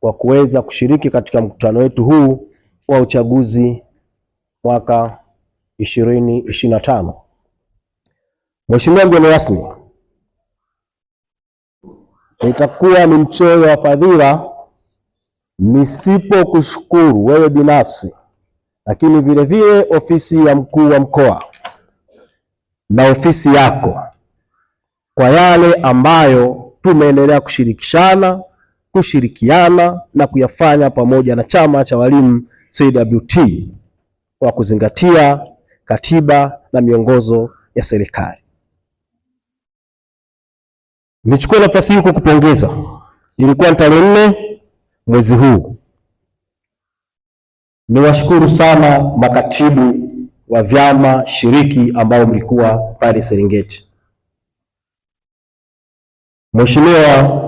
kwa kuweza kushiriki katika mkutano wetu huu wa uchaguzi mwaka 2025. Mheshimiwa mgeni rasmi, nitakuwa ni mchoyo wa fadhila nisipokushukuru wewe binafsi, lakini vile vile ofisi ya mkuu wa mkoa na ofisi yako kwa yale ambayo tumeendelea kushirikishana kushirikiana na kuyafanya pamoja na chama cha walimu CWT kwa kuzingatia katiba na miongozo ya serikali. Nichukue nafasi hii kukupongeza. Ilikuwa tarehe nne mwezi huu. Niwashukuru sana makatibu wa vyama shiriki ambao mlikuwa pale Serengeti. Mheshimiwa